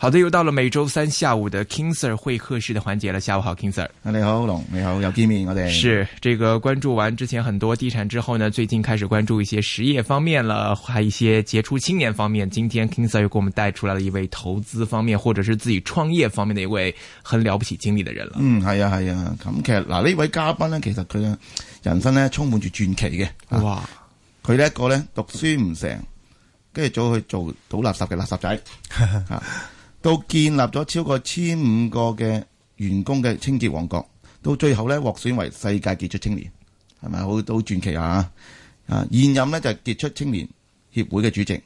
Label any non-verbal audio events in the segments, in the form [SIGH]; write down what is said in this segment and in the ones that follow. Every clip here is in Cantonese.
好的，又到了每周三下午的 King Sir 會客室的環節了。下午好，King Sir。你好，龍，你好，又見面，我哋。是，這個關注完之前很多地產之後呢，最近開始關注一些實業方面了，還一些傑出青年方面。今天 King Sir 又給我們帶出來了一位投資方面，或者是自己創業方面的一位很了不起經歷的人了。嗯，係啊，係啊，咁其實嗱呢位嘉賓呢，其實佢嘅人生呢充滿住傳奇嘅。哇！佢呢一個呢，讀書唔成，跟住走去做倒垃圾嘅垃圾仔到建立咗超過千五個嘅員工嘅清潔王國，到最後咧獲選為世界傑出青年，係咪好好傳奇啊？啊，現任咧就傑出青年協會嘅主席，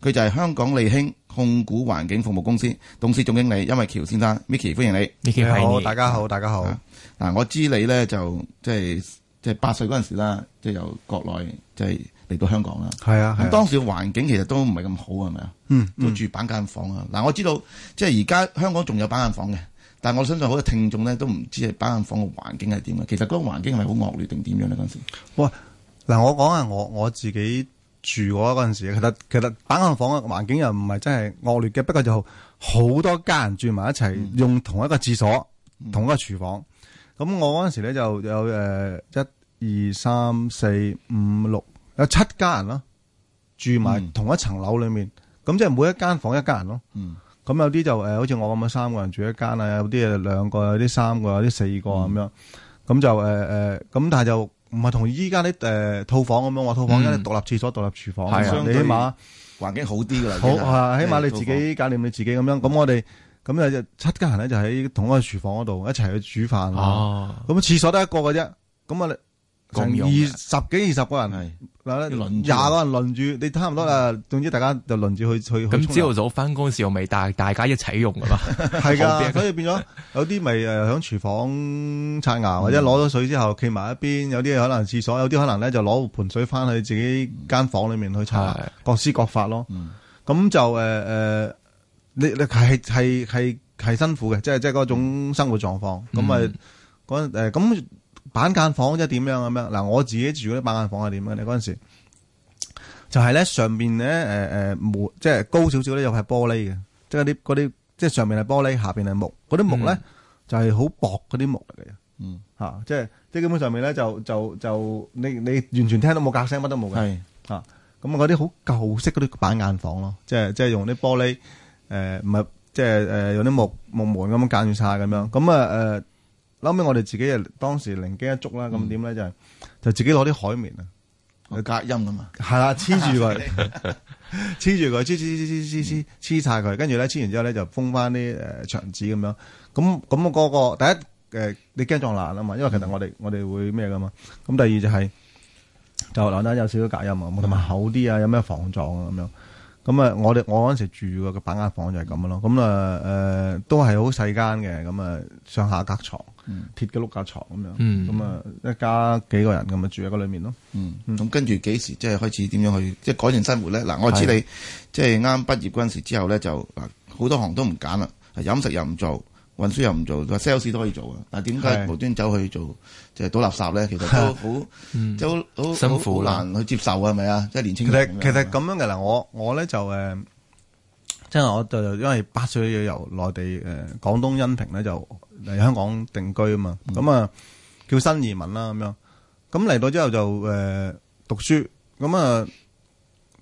佢就係香港利興控股環境服務公司董事總經理，甄韋喬先生，Micky 歡迎你。Micky 好，大家好，大家好。嗱、啊，我知你咧就即係即係八歲嗰陣時啦，即係由國內即係。就是嚟到香港啦，係啊。咁、啊、當時嘅環境其實都唔係咁好，係咪啊？嗯，都住板間房、嗯、啊。嗱，我知道即係而家香港仲有板間房嘅，但係我相信好多聽眾咧都唔知係板間房嘅環境係點嘅。其實嗰個環境係咪好惡劣定點樣咧？嗰陣時哇，嗱，我講下我我自己住過嗰時，其實其實板間房嘅環境又唔係真係惡劣嘅，不過就好多家人住埋一齊，用同一個廁所，同一個廚房。咁、嗯嗯、我嗰陣時咧就有誒一二三四五六。Uh, 有七家人咯，住埋同一層樓裏面，咁即係每一間房一家人咯。咁有啲就誒，好似我咁樣三個人住一間啊，有啲誒兩個，有啲三個，有啲四個咁樣。咁就誒誒，咁但係就唔係同依家啲誒套房咁樣，話套房依家係獨立廁所、獨立廚房，相對話環境好啲噶啦。好起碼你自己搞掂你自己咁樣。咁我哋咁有七家人咧就喺同一個廚房嗰度一齊去煮飯咯。咁廁所得一個嘅啫，咁啊二十幾二十個人係嗱，廿個人輪住，你差唔多啦，總，ey，總之大家就輪住去去。咁朝頭早翻工時，又未大，大家一齊用噶嘛？係噶，所以變咗有啲咪誒喺廚房刷牙，或者攞咗水之後企埋一邊；有啲可能廁所有啲可能咧就攞盆水翻去自己間房裏面去刷，rules，各施各法咯。咁、啊、就誒、是、誒，你你係係係係辛苦嘅，即係即係嗰種生活狀況。咁啊，嗰誒咁。啊啊啊啊啊板間房即係點樣咁樣？嗱，我自己住嗰啲板間房係點樣？你嗰陣時就係咧上面咧誒誒木，即係高少少咧又係玻璃嘅，即係啲嗰啲即係上面係玻璃，下邊係木。嗰啲木咧就係好薄嗰啲木嚟嘅。嗯，嚇、嗯啊，即係即係基本上面咧就就就，就你你完全聽到冇隔聲，乜都冇嘅。係嚇是，咁嗰啲好舊式嗰啲板間房咯，即係即係用啲玻璃誒，唔、呃、係即係誒、呃、用啲木木門咁樣間住晒。咁樣。咁啊誒。呃呃後尾我哋自己誒，當時靈機一觸啦，咁點咧就係、是、就自己攞啲海綿啊，去、嗯嗯、隔音噶嘛，係啦，黐住佢，黐住佢，黐黐黐黐黐黐黐晒佢，跟住咧黐完之後咧就封翻啲誒牆紙咁樣，咁咁、嗰個第一誒、呃、你驚撞爛啊嘛，因為其實我哋我哋會咩噶嘛，咁第二就係、是、就樓頂有少少隔音、嗯嗯、啊，同埋厚啲啊，有咩防撞啊咁樣，咁啊我哋我嗰時住個板間房就係咁咯，咁啊誒都係好細間嘅，咁啊上下隔床。鐵嘅碌架床咁樣，咁啊、嗯、一家幾個人咁咪住喺個裏面咯。嗯，咁跟住幾時即係開始點樣去即係、就是、改善生活咧？嗱，我知你即係啱畢業嗰陣時之後咧就嗱，好多行都唔揀啦，飲食又唔做，運輸又唔做，sales 都可以做啊。但係點解無端走去做即係倒垃圾咧？其實都好，即好辛苦難去接受啊？係咪啊？即係年青。其實其實咁樣嘅嗱，我我咧就誒。呃因為我就因為八歲由內地誒廣東恩平咧，就嚟香港定居啊嘛，咁啊叫新移民啦咁樣，咁嚟到之後就誒讀書，咁啊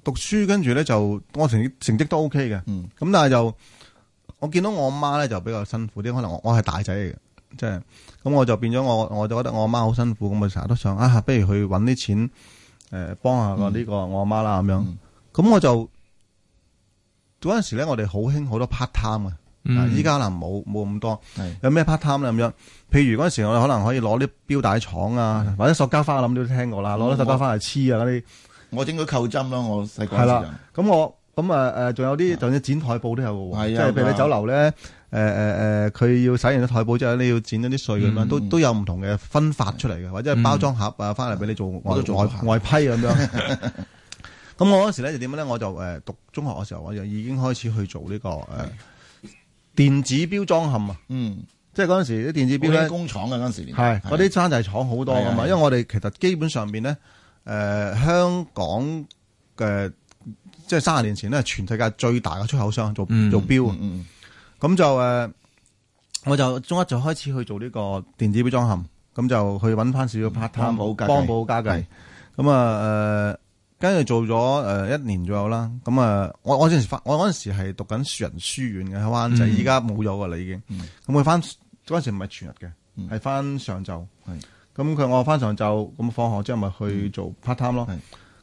讀書跟住咧就我成成績都 OK 嘅，咁、嗯、但係就我見到我阿媽咧就比較辛苦啲，可能我我係大仔嚟嘅，即係咁我就變咗我我就覺得我阿媽好辛苦，咁我成日都想啊，不如去搵啲錢誒幫、呃、下我個呢、這個我阿媽啦咁樣，咁、嗯、我就，就。嗰陣時咧，我哋好興好多 part time 嘅，依家可能冇冇咁多。有咩 part time 咁樣？譬如嗰陣時，我哋可能可以攞啲錶帶廠啊，或者塑膠花，我諗你都聽過啦，攞啲塑膠花嚟黐啊嗰啲。我整咗扣針咯，我細個時。係啦，咁我咁啊誒，仲有啲就要剪台布都有喎，即係譬如你酒樓咧誒誒誒，佢要洗完啲台布之後，你要剪咗啲碎咁樣，都都有唔同嘅分發出嚟嘅，或者係包裝盒啊，翻嚟俾你做外外批咁樣。咁我嗰時咧就點樣咧？我就誒讀中學嘅時候，我就已經開始去做呢，這個誒是、呃、電子表裝嵌啊。嗯，即係嗰陣時啲電子表咧，工廠嘅嗰陣時係，啲山寨就係廠好多噶嘛。啊啊，因為我哋其實基本上邊咧，誒、呃、香港嘅即係三十年前咧，全世界最大嘅出口商做做表。嗯，咁就誒、呃，我就中一就開始去做呢個電子表裝嵌，咁就去揾翻少少 part time 幫補家計。咁啊誒。跟住做咗誒一年左右啦，咁啊，我我嗰陣時返，我嗰陣時係讀緊樹人書院嘅喺灣仔，依家冇咗㗎啦已經。咁佢返嗰陣時唔係全日嘅，係返上晝。咁佢我返上晝，咁放學之後咪去做 part time 咯。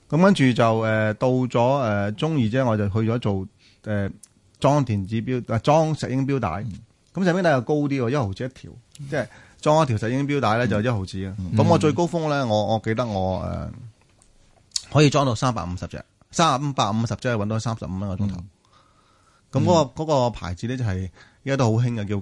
咁跟住就誒到咗誒中二啫，我就去咗做誒裝電子錶，啊裝石英錶帶。咁石英帶又高啲喎，一毫紙一條，即係裝一條石英錶帶咧就一毫紙啊。咁我最高峰咧，我我記得我誒。可以裝到三百五十隻，三百五十隻揾到三十五蚊個鐘頭。咁嗰個個牌子咧就係、是，而家都好興嘅，叫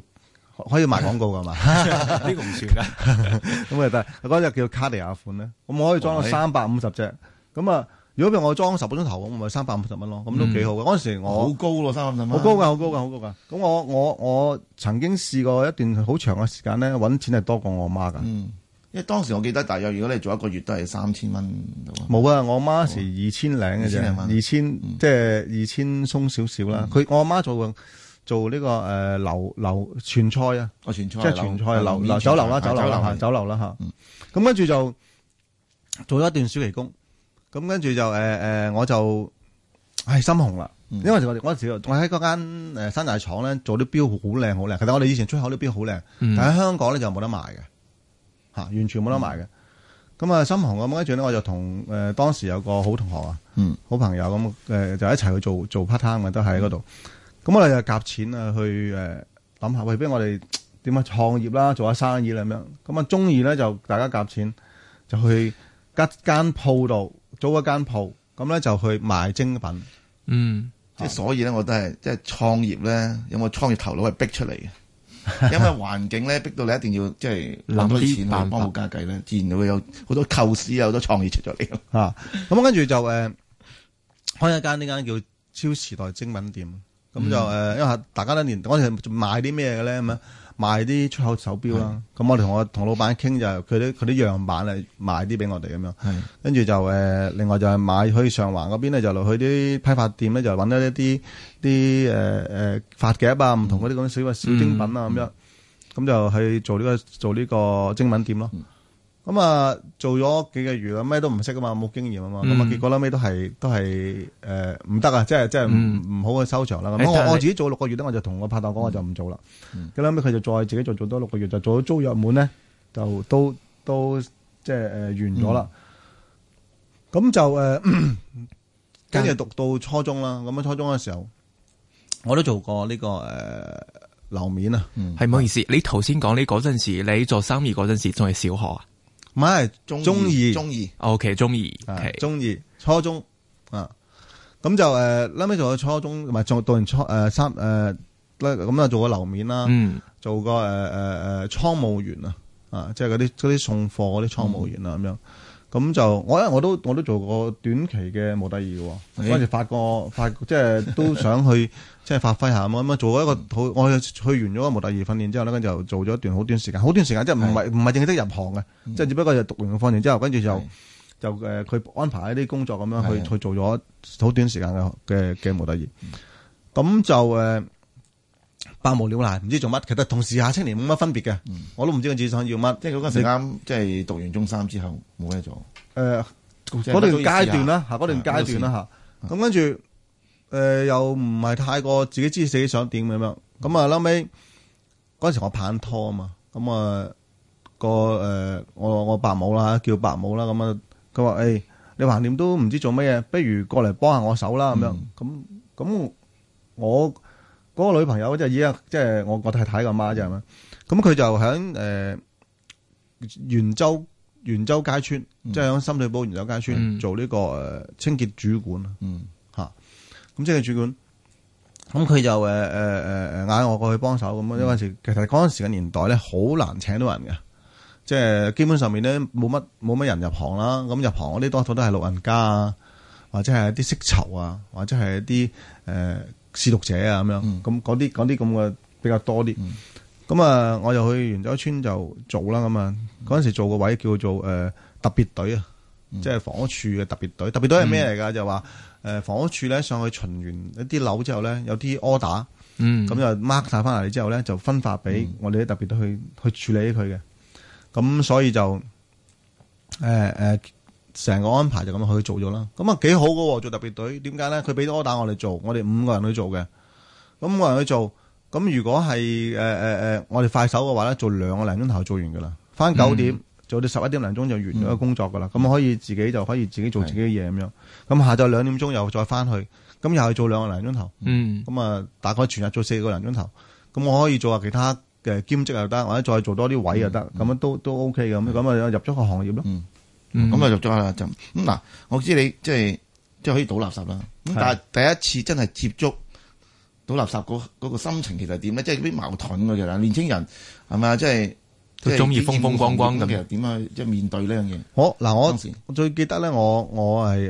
可以賣廣告噶嘛？呢 [LAUGHS] [LAUGHS] [LAUGHS] 個唔算噶。咁啊，但係嗰隻叫卡地亞款咧，咁、那、我、個、可以裝到三百五十隻。咁啊哇、那個，如果譬如我裝十、那個鐘頭，我咪三百五十蚊咯。咁都幾好嘅。嗰陣時我好高咯，三百五十蚊。好高噶，好高噶，好高噶。咁我我我曾經試過一段好長嘅時間咧，揾錢係多過我媽噶。嗯。因為當時我記得大約如果你做一個月都係三千蚊度，冇啊！我阿媽時二千零嘅啫，二千即係二千鬆少少啦。佢我阿媽做做呢個誒流流傳菜啊，即係傳菜流流酒樓啦，酒樓吓酒樓啦吓。咁跟住就做咗一段暑期工，咁跟住就誒誒我就係心紅啦。因為時我時我喺嗰間誒山寨廠咧做啲表好靚好靚，其實我哋以前出口啲表好靚，但喺香港咧就冇得賣嘅。吓，完全冇得賣嘅。咁啊、嗯，心諗，咁，跟住咧，我就同誒、呃、當時有個好同學啊，嗯、好朋友咁，誒、呃、就一齊去做做 part time、um、嘅，都喺嗰度。咁我哋就夾錢啊，去誒諗下，未必我哋點啊創業啦，做下生意啦咁樣。咁啊，中意咧就大家夾錢，就去吉間鋪度租一間鋪，咁咧就去賣精品。嗯，即係是所以咧，我都係即係創業咧，有冇創業頭腦係逼出嚟嘅。 [LAUGHS] 因為環境咧逼到你一定要即係諗多啲辦法，幫補家計咧，自然就會有好多構思，有好 [LAUGHS] 多創意出咗嚟。啊，咁跟住就誒、呃、開一間呢間叫超時代精品店，咁、嗯、就誒、呃，因為大家都連嗰陣賣啲咩嘅咧咁樣。賣啲出口手錶啦，咁的我哋同我同老闆傾就係佢啲佢啲樣板嚟賣啲俾我哋咁樣，跟住的就誒、呃，另外就係買去上環嗰邊咧，就落去啲批發店咧，就搵到一啲啲誒誒發夾啊，唔同嗰啲咁少少精品啊咁、嗯、樣，咁、嗯、就去做呢、這個做呢個精品店咯。嗯咁啊，做咗幾個月啊，咩都唔識㗎嘛，冇經驗啊嘛，咁啊、嗯，結果咧尾都係都係誒唔得啊，即係即係唔唔好嘅收場啦。咁啊，我自己做六個月咧，我就同我拍檔講，我就唔做啦。咁咧尾佢就再自己再做多六個月，就，就做咗、嗯、租約滿咧，就都都即係誒、呃、完咗啦。咁、嗯、就誒跟住讀到初中啦。咁啊，初中嘅時候我都做過呢、這個誒樓、呃、面啊。係、嗯、唔好意思，你頭先講你嗰陣時，你做生意嗰陣時仲係小學啊？唔係，中中意，中意，OK 中意，中意，初中，啊，咁就誒，啱、呃、啱、呃呃、做個初中，唔係、嗯、做，到完初誒三誒，咁啊做個樓面啦，做個誒誒誒倉務員啊，啊，即係嗰啲嗰啲送貨嗰啲倉務員啊咁、嗯、樣。咁、嗯、就我咧，我都我都做過短期嘅模特兒嘅，跟住發覺發過，即係都想去即係發揮下咁啊！做一個好，我去完咗個模特兒訓練之後咧，就做咗一段好短時間，好短時間即係唔係唔係正式入行嘅，即係的只不過就讀完個課程之後，跟住就的就誒，佢、呃、安排一啲工作咁樣去去做咗好短時間嘅嘅嘅模特兒。咁就誒。呃百無聊賴，唔知做乜，其實同時下青年冇乜分別嘅。嗯、我都唔知道自己想要乜。即係嗰陣時啱，即係讀完中三之後冇嘢做，呃。誒，嗰段階、啊、段啦，吓試，嗰段階段啦，吓。咁跟住，誒，又唔係太過自己知自己想點咁樣。咁啊的，後尾嗰陣時我拍拖啊嘛。咁、嗯，那個呃、啊、個誒，我我伯母啦，叫伯母啦。咁啊，佢話誒，你橫掂都唔知做乜嘢，不如過嚟幫下我手啦咁樣。咁咁我。嗰個女朋友即係依家，即係我我太太個媽啫。咁佢就喺誒、呃、元州元州街村，嗯、即係喺深水埗元州街村做呢、這個誒、呃、清潔主管。嗯，嚇、啊。咁清潔主管，咁佢、嗯、就誒誒誒誒嗌我過去幫手。咁嗰陣時，嗯、其實嗰陣時嘅年代咧，好難請到人嘅。即係基本上面咧，冇乜冇乜人入行啦。咁入行嗰啲多數都係老人家啊，或者係一啲識籌啊，或者係一啲誒。施毒者啊，咁樣咁嗰啲啲咁嘅比較多啲，咁啊、嗯，我又去元州村就做啦咁啊，嗰陣時做個位叫做誒、呃、特別隊啊，嗯、即係房屋處嘅特別隊。特別隊係咩嚟㗎？嗯、就話誒房屋處咧上去巡完一啲樓之後咧，有啲 order，咁、嗯、就 mark 晒翻嚟之後咧，就分發俾我哋啲特別隊去去處理佢嘅。咁所以就誒誒。呃呃成個安排就咁樣去做咗啦，咁啊幾好嘅喎，做特別隊，點解咧？佢俾多 order 打我哋做，我哋五個人去做嘅，咁五個人去做，咁如果係誒誒誒，我哋快手嘅話咧，做兩個零鐘頭做完㗎喇，翻九點做到十一點零鐘就完咗個工作㗎喇，咁可以自己就可以自己做自己嘅嘢咁樣，咁下晝兩點鐘又再翻去，咁又做兩個零鐘頭，嗯，咁啊大概全日做四個零鐘頭，咁我可以做下其他嘅兼職又得，或者再做多啲位又得，咁樣都都 OK 嘅，咁咁啊入咗個行業咯。咁啊，入咗下啦就咁嗱，我知你即係即係可以倒垃圾啦。咁是但係第一次真係接觸倒垃圾嗰嗰、嗰個心情其實點咧？即係啲矛盾嘅其實。年青人係咪啊？即係都中意風風光光咁。其實點啊？即係面對呢樣嘢。我嗱，我時我最記得咧，我我係誒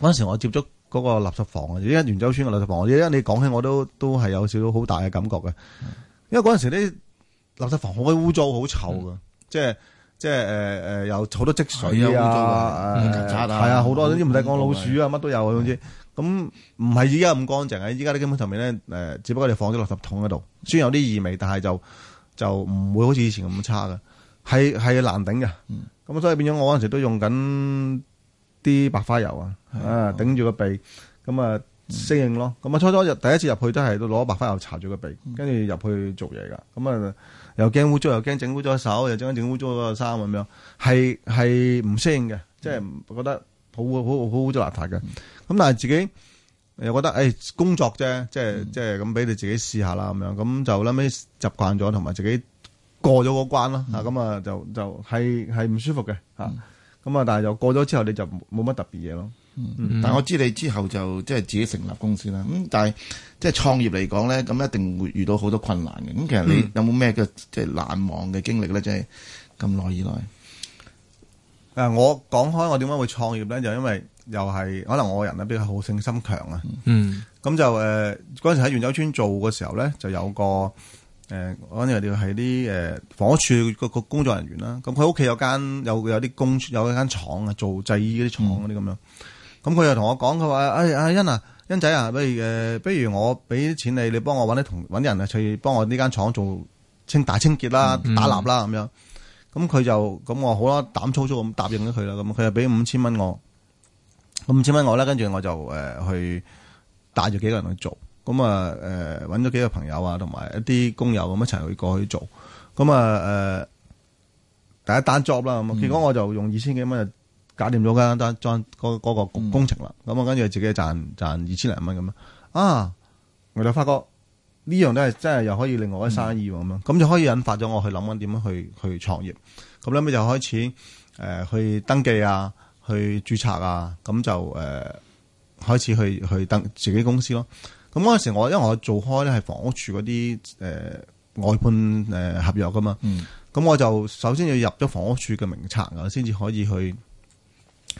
嗰陣時我接觸嗰個垃圾房啊，而家元州村嘅垃圾房。而家你講起我都都係有少少好大嘅感覺嘅，因為嗰陣時咧垃圾房好污糟，好臭嘅，即係、嗯。即係誒誒，有、呃、好、呃、多積水啊！誒，係啊，好、嗯啊、多總之唔使講老鼠啊，乜都有總之。咁唔係依家咁乾淨嘅，依家啲根本上面咧誒，只不過你放咗垃圾桶嗰度，雖然有啲異味，但係就就唔會好似以前咁差嘅。係係難頂嘅。咁、嗯、所以變咗，我嗰陣時都用緊啲白花油啊，啊、嗯，頂住個鼻。咁啊，適應咯。咁啊、嗯，初初第一次入去都係攞白花油搽住個鼻，跟住入去做嘢㗎。咁啊。又驚污糟，又驚整污糟手，又整到整污糟個衫咁樣，係係唔適應嘅，即係、嗯、覺得好好好污糟邋遢嘅。咁、嗯、但係自己又覺得誒、哎、工作啫，即係即係咁俾你自己試下啦咁樣，咁就後屘習慣咗，同埋自己過咗個關啦咁、嗯、啊就就係係唔舒服嘅嚇，咁啊、嗯、但係就過咗之後你就冇乜特別嘢咯。嗯、但係我知你之後就即係自己成立公司啦。咁但係即係創業嚟講咧，咁一定會遇到好多困難嘅。咁其實你有冇咩嘅即係難忘嘅經歷咧？即係咁耐以來。誒、呃，我講開我點解會創業咧，就因為又係可能我個人比較好勝心強啊。咁、嗯嗯、就誒，嗰、呃、陣時喺元洲村做嘅時候咧，就有個誒、呃，我諗你哋係啲誒房屋處個工作人員啦。咁佢屋企有間有有啲工，有一間廠啊，做製衣嗰啲廠嗰啲咁樣。咁佢又同我講，佢話阿欣啊，欣仔啊，不如誒，不、呃、如我俾啲錢給你，你幫我搵啲同啲人啊，去幫我呢間廠做清大清潔啦、打蠟啦咁樣。咁、嗯、佢就咁我好啦，膽粗粗咁答應咗佢啦。咁佢就俾五千蚊我，咁五千蚊我咧，跟住我就誒去帶住幾個人去做。咁啊誒，搵咗幾個朋友啊，同埋一啲工友咁一齊去過去做。咁啊誒，第、呃、一單 job 啦，咁結果我就用二千幾蚊。搞掂咗噶，得裝嗰嗰個工程啦。咁啊、嗯，跟住自己賺賺二千零蚊咁啊。我就發覺呢樣都係真係又可以另外嘅生意咁啊。咁、嗯、就可以引發咗我去諗緊點樣去去創業。咁咧，咪就開始誒、呃、去登記啊，去注冊啊。咁就誒、呃、開始去去登自己公司咯。咁嗰陣時我，我因為我做開咧係房屋處嗰啲誒外判誒、呃、合約噶嘛。咁、嗯、我就首先要入咗房屋處嘅名冊啊，先至可以去。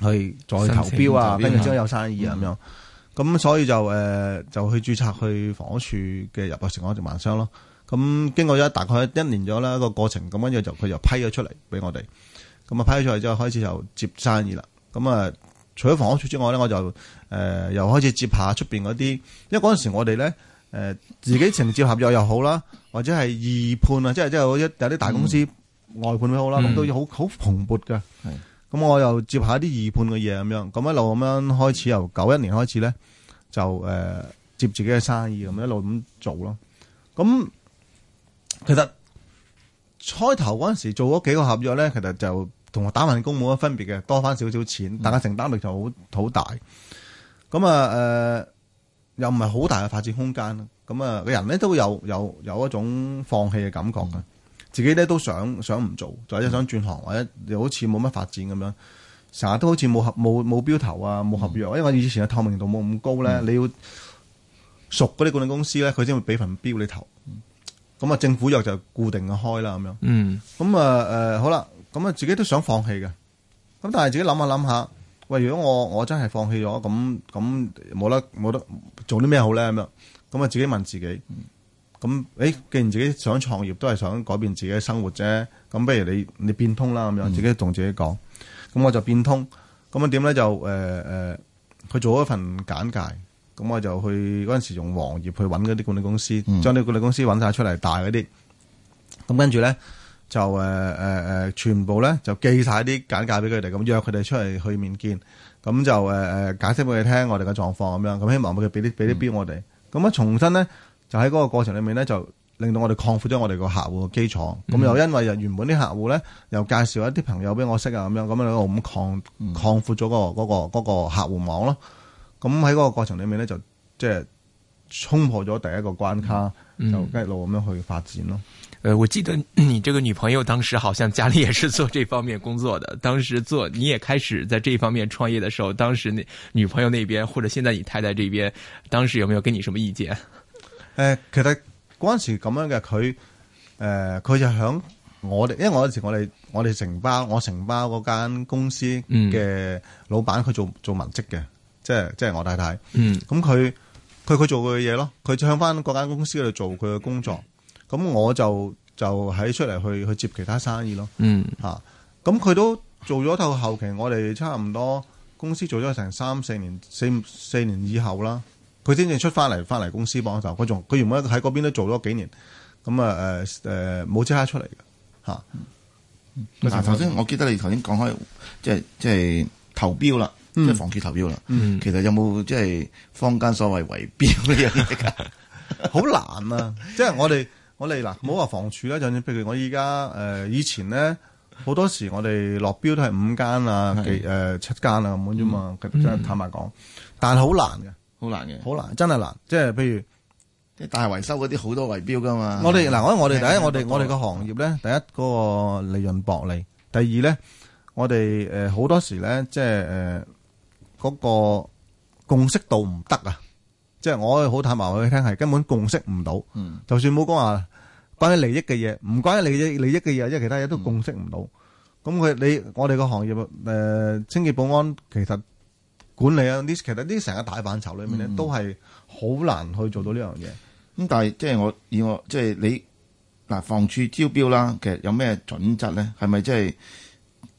去再投標啊，跟住之後有生意啊，咁、嗯、樣，咁、嗯、所以就誒、呃，就去註冊去房屋署嘅入啊，成港直賣商咯。咁、嗯、經過咗大概一年咗啦，這個過程，咁跟住就佢就批咗出嚟俾我哋。咁啊，批咗出嚟之後開始就接生意啦。咁、嗯、啊，嗯、除咗房屋署之外咧，我就誒、呃、又開始接下出邊嗰啲，因為嗰陣時我哋咧誒自己承接合約又，又好啦，或者係二判啊，即係即係有啲大公司外判都好啦，咁都要好好蓬勃嘅。嗯咁我又接下啲二判嘅嘢咁樣，咁一路咁樣開始由九一年開始咧，就誒、呃、接自己嘅生意，咁一路咁做咯。咁、嗯、其實開頭嗰陣時做咗幾個合約咧，其實就同我打份工冇乜分別嘅，多翻少少錢，但係承擔力就好好大。咁啊誒又唔係好大嘅發展空間，咁啊個人咧都會有有有一種放棄嘅感覺嘅。自己咧都想想唔做，就係想轉行，或者又好似冇乜發展咁樣，成日都好似冇合冇冇標投啊，冇合約。因為以前嘅透明度冇咁高咧，你要熟嗰啲管理公司咧，佢先會俾份標你投。咁啊，政府約就固定嘅開啦，咁樣。嗯。咁啊誒，好啦，咁啊自己都想放棄嘅。咁但係自己諗下諗下，喂，如果我我真係放棄咗，咁咁冇得冇得做啲咩好咧咁樣。咁啊自己問自己。咁誒、欸，既然自己想創業，都係想改變自己嘅生活啫。咁不如你你變通啦，咁樣、嗯、自己同自己講。咁我就變通。咁啊點咧就誒誒、呃呃，去做一份簡介。咁我就去嗰陣時用黃頁去揾嗰啲管理公司，將啲、嗯、管理公司揾曬出嚟，大嗰啲。咁跟住咧就誒誒誒，全部咧就寄晒啲簡介俾佢哋，咁約佢哋出嚟去，去面見。咁就誒誒、呃，解釋俾佢聽我哋嘅狀況咁樣。咁希望佢俾啲俾啲標我哋。咁啊、嗯嗯、重新咧。就喺嗰個過程裏面咧，就令到我哋擴闊咗我哋個客戶嘅基礎。咁、嗯、又因為原本啲客戶咧，又介紹一啲朋友俾我識啊，咁樣咁樣我咁擴擴闊咗個嗰個個客戶網咯。咁喺嗰個過程裏面咧，就即係衝破咗第一個關卡。嗯、就一路咁樣去發展咯。誒、嗯呃，我記得你這個女朋友當時好像家裏也是做這方面工作嘅，當時做你也開始在這方面創業嘅時候，當時那女朋友那邊或者現在你太太這邊，當時有沒有跟你什麼意見？誒、呃，其實嗰陣時咁樣嘅佢，誒，佢、呃、就響我哋，因為我嗰時我哋我哋承包，我承包嗰間公司嘅老闆，佢、嗯、做做文職嘅，即係即係我太太。咁佢佢佢做佢嘅嘢咯，佢就響翻嗰間公司度做佢嘅工作。咁我就就喺出嚟去去接其他生意咯。吓、嗯啊，咁佢都做咗到，後期，我哋差唔多公司做咗成三四年四四年以後啦。佢先至出翻嚟，翻嚟公司幫手。佢仲佢原本喺嗰邊都做咗幾年，咁啊誒誒冇即刻出嚟嘅吓。嗱、嗯，頭先我記得你頭先講開，即係即係投標啦，嗯、即係房署投標啦。其實有冇即係坊間所謂圍標呢樣嘢啊？好 [LAUGHS] [LAUGHS] 難啊！ [LAUGHS] 即係我哋我哋嗱，唔好話房署啦。就算譬如我依家誒，以前咧好多時我哋落標都係五間啊，幾誒七間啊咁樣啫嘛。真係、嗯、坦白講，但係好難嘅。好難嘅，好難，真係難。即係譬如啲大維修嗰啲，好多圍標㗎嘛。我哋嗱，我我哋第一，我哋我哋個行業咧，第一嗰個利潤薄利，第二咧，我哋誒好多時咧，即係誒嗰個共識度唔得啊。即係我好坦白話你聽，係根本共識唔到。嗯。就算冇講話關於利益嘅嘢，唔關於利益利益嘅嘢，即係其他嘢都共識唔到。咁佢你我哋個行業誒清潔保安其實。管理啊，呢，其實呢成個大範疇裏面咧，嗯、都係好難去做到呢樣嘢。咁、嗯、但係即係我以我即係你嗱，房署招標啦，其實有咩準則咧？係咪即係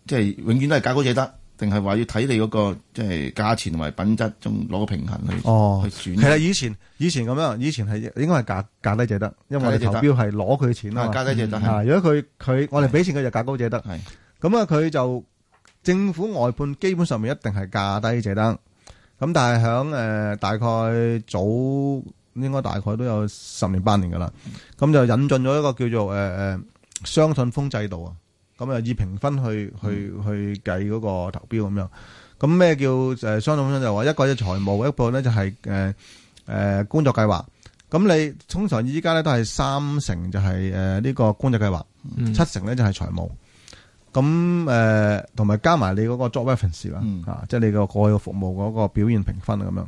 即係永遠都係價高者得？定係話要睇你嗰、嗰個即係價錢同埋品質中攞個平衡去？哦，去轉。係啊，以前以前咁樣，以前係應該係價價低者得，因為投標係攞佢錢啦。價低者得。啊，價低者得。係咩？如果佢佢我哋俾錢佢就價高者得。係咁啊，佢就。政府外判基本上面一定係價低者得，咁但係響誒，大概早應該大概都有十年八年噶啦，咁就引進咗一個叫做誒誒雙信封制度啊，咁啊以評分去去去計嗰個投標咁樣，咁咩叫誒雙信封就話一個就財務，一個咧就係誒誒工作計劃，咁你通常依家咧都係三成就係誒呢個工作計劃，七成咧就係財務。咁誒，同埋、嗯、加埋你嗰個 job reference 啦，嚇、嗯，即係你個過去個服務嗰個表現評分咁樣。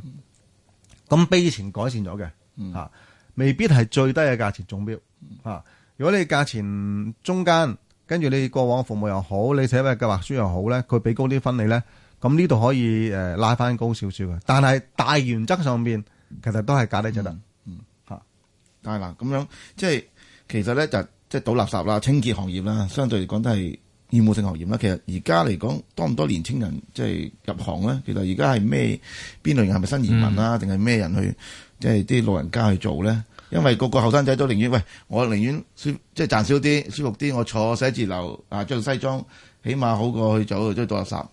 咁比以前改善咗嘅嚇，嗯、未必係最低嘅價錢中標嚇、啊。如果你價錢中間，跟住你過往服務又好，你寫嘅計劃書又好咧，佢俾高啲分你咧，咁呢度可以誒拉翻高少少嘅。但係大原則上邊，其實都係價低質等嚇。嗯嗯啊、但係嗱咁樣，即係其實咧就是、即係倒垃圾啦、清潔行業啦，相對嚟講都係。厭惡性行業咧，其實而家嚟講多唔多年青人即係入行咧？其實而家係咩邊類型係咪新移民啦，啊，定係咩人去即係啲老人家去做咧？因為個個後生仔都寧願喂，我寧願即係賺少啲舒服啲，我坐寫字樓啊著西裝，起碼好過去走去倒垃圾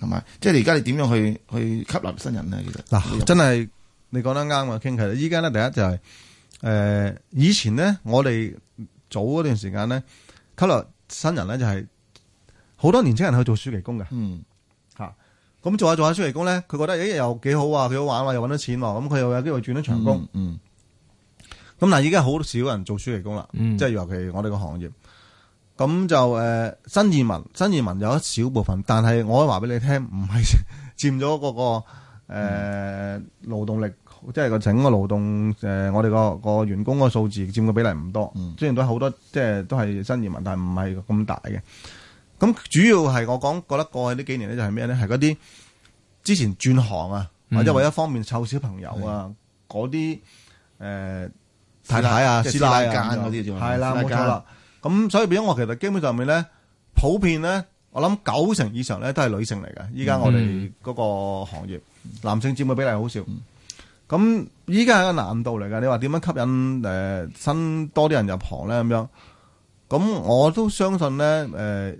係咪？即係而家你點樣去去吸納新人咧？其實嗱，啊，真係你講得啱啊！傾偈啦，依家咧第一就係、是、誒、呃、以前呢，我哋早嗰段時間呢，吸納新人咧就係、是。好多年青人去做暑期工嘅、嗯欸嗯，嗯，吓咁做下做下暑期工咧，佢覺得一日又幾好啊，幾好玩啊，又揾到錢，咁佢又有機會轉咗長工，嗯，咁嗱，而家好少人做暑期工啦，即係、嗯、尤其我哋個行業，咁就誒、呃、新移民，新移民有一小部分，但係我可以話俾你聽，唔係佔咗嗰個誒勞、嗯呃、動力，即係個整個勞動誒、呃、我哋個個員工個數字佔嘅比例唔多，嗯、雖然都好多即係都係新移民，但係唔係咁大嘅。咁主要係我講，覺得過去呢幾年咧就係咩咧？係嗰啲之前轉行啊，或者為咗方便湊小朋友啊，嗰啲誒太太啊、師奶啊嗰啲，係啦，冇錯啦。咁所以變咗我其實基本上面咧，普遍咧，我諗九成以上咧都係女性嚟嘅。依家我哋嗰個行業，嗯、男性佔嘅比例好少。咁依家係一個難度嚟嘅，你話點樣吸引誒新多啲人入行咧？咁樣，咁我都相信咧，誒。呃呃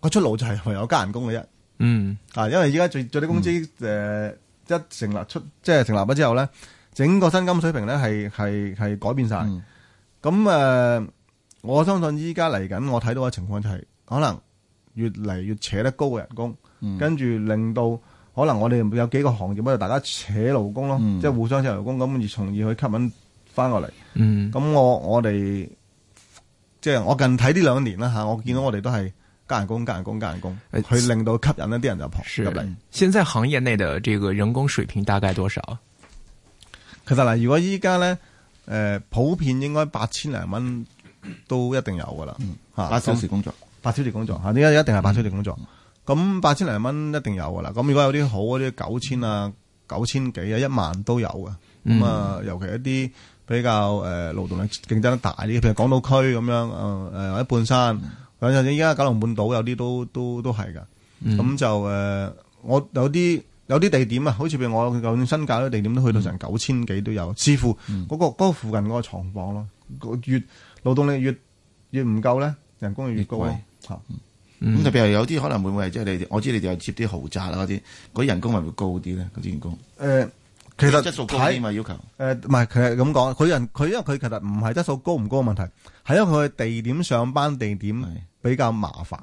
個出路就係唯有加人工嘅啫，嗯，啊，因為依家最最低工資誒一成立出即係成立咗之後咧，整個薪金水平咧係係係改變晒，咁誒、嗯嗯呃，我相信依家嚟緊我睇到嘅情況就係、是、可能越嚟越扯得高嘅人工，跟住、嗯、令到可能我哋有幾個行業喺度大家扯勞工咯，嗯、即係互相扯勞工咁而從而去吸引翻落嚟，嗯，咁、嗯、我我哋即係我近睇呢兩年啦吓，我見到我哋都係。加人工，加人工，加人工，佢令到吸引一啲人入嚟。咁啊，現在行業內的這個人工水平大概多少？其實啦，如果依家咧，誒、呃，普遍應該八千零蚊都一定有噶啦。八小時工作，八小時工作吓，呢家一定係八小時工作。咁、啊、八千零蚊一定有噶啦。咁如果有啲好嗰啲九千啊、九千幾啊、一萬都有嘅。咁啊、嗯，尤其一啲比較誒勞動力競爭大啲，譬如港島區咁樣，誒誒或者半山。嗱，你依家九龍半島有啲都都都係噶，咁、嗯、就誒，uh, 我有啲有啲地點啊，好似譬如我舊年新搞啲地點都去到成九千幾都有，嗯、似乎嗰、嗰個嗰個附近個牀房咯，越勞動力越越唔夠咧，人工就越，越高咁，特別係有啲可能會唔會即係你，我知你哋有接啲豪宅啦嗰啲，嗰啲人工會唔會高啲咧啲員工？誒、呃。其實質素高係咪要求，誒，唔係，其實咁講，佢人，佢因為佢其實唔係質素高唔高嘅問題，係因為佢地點上班地點比較麻煩，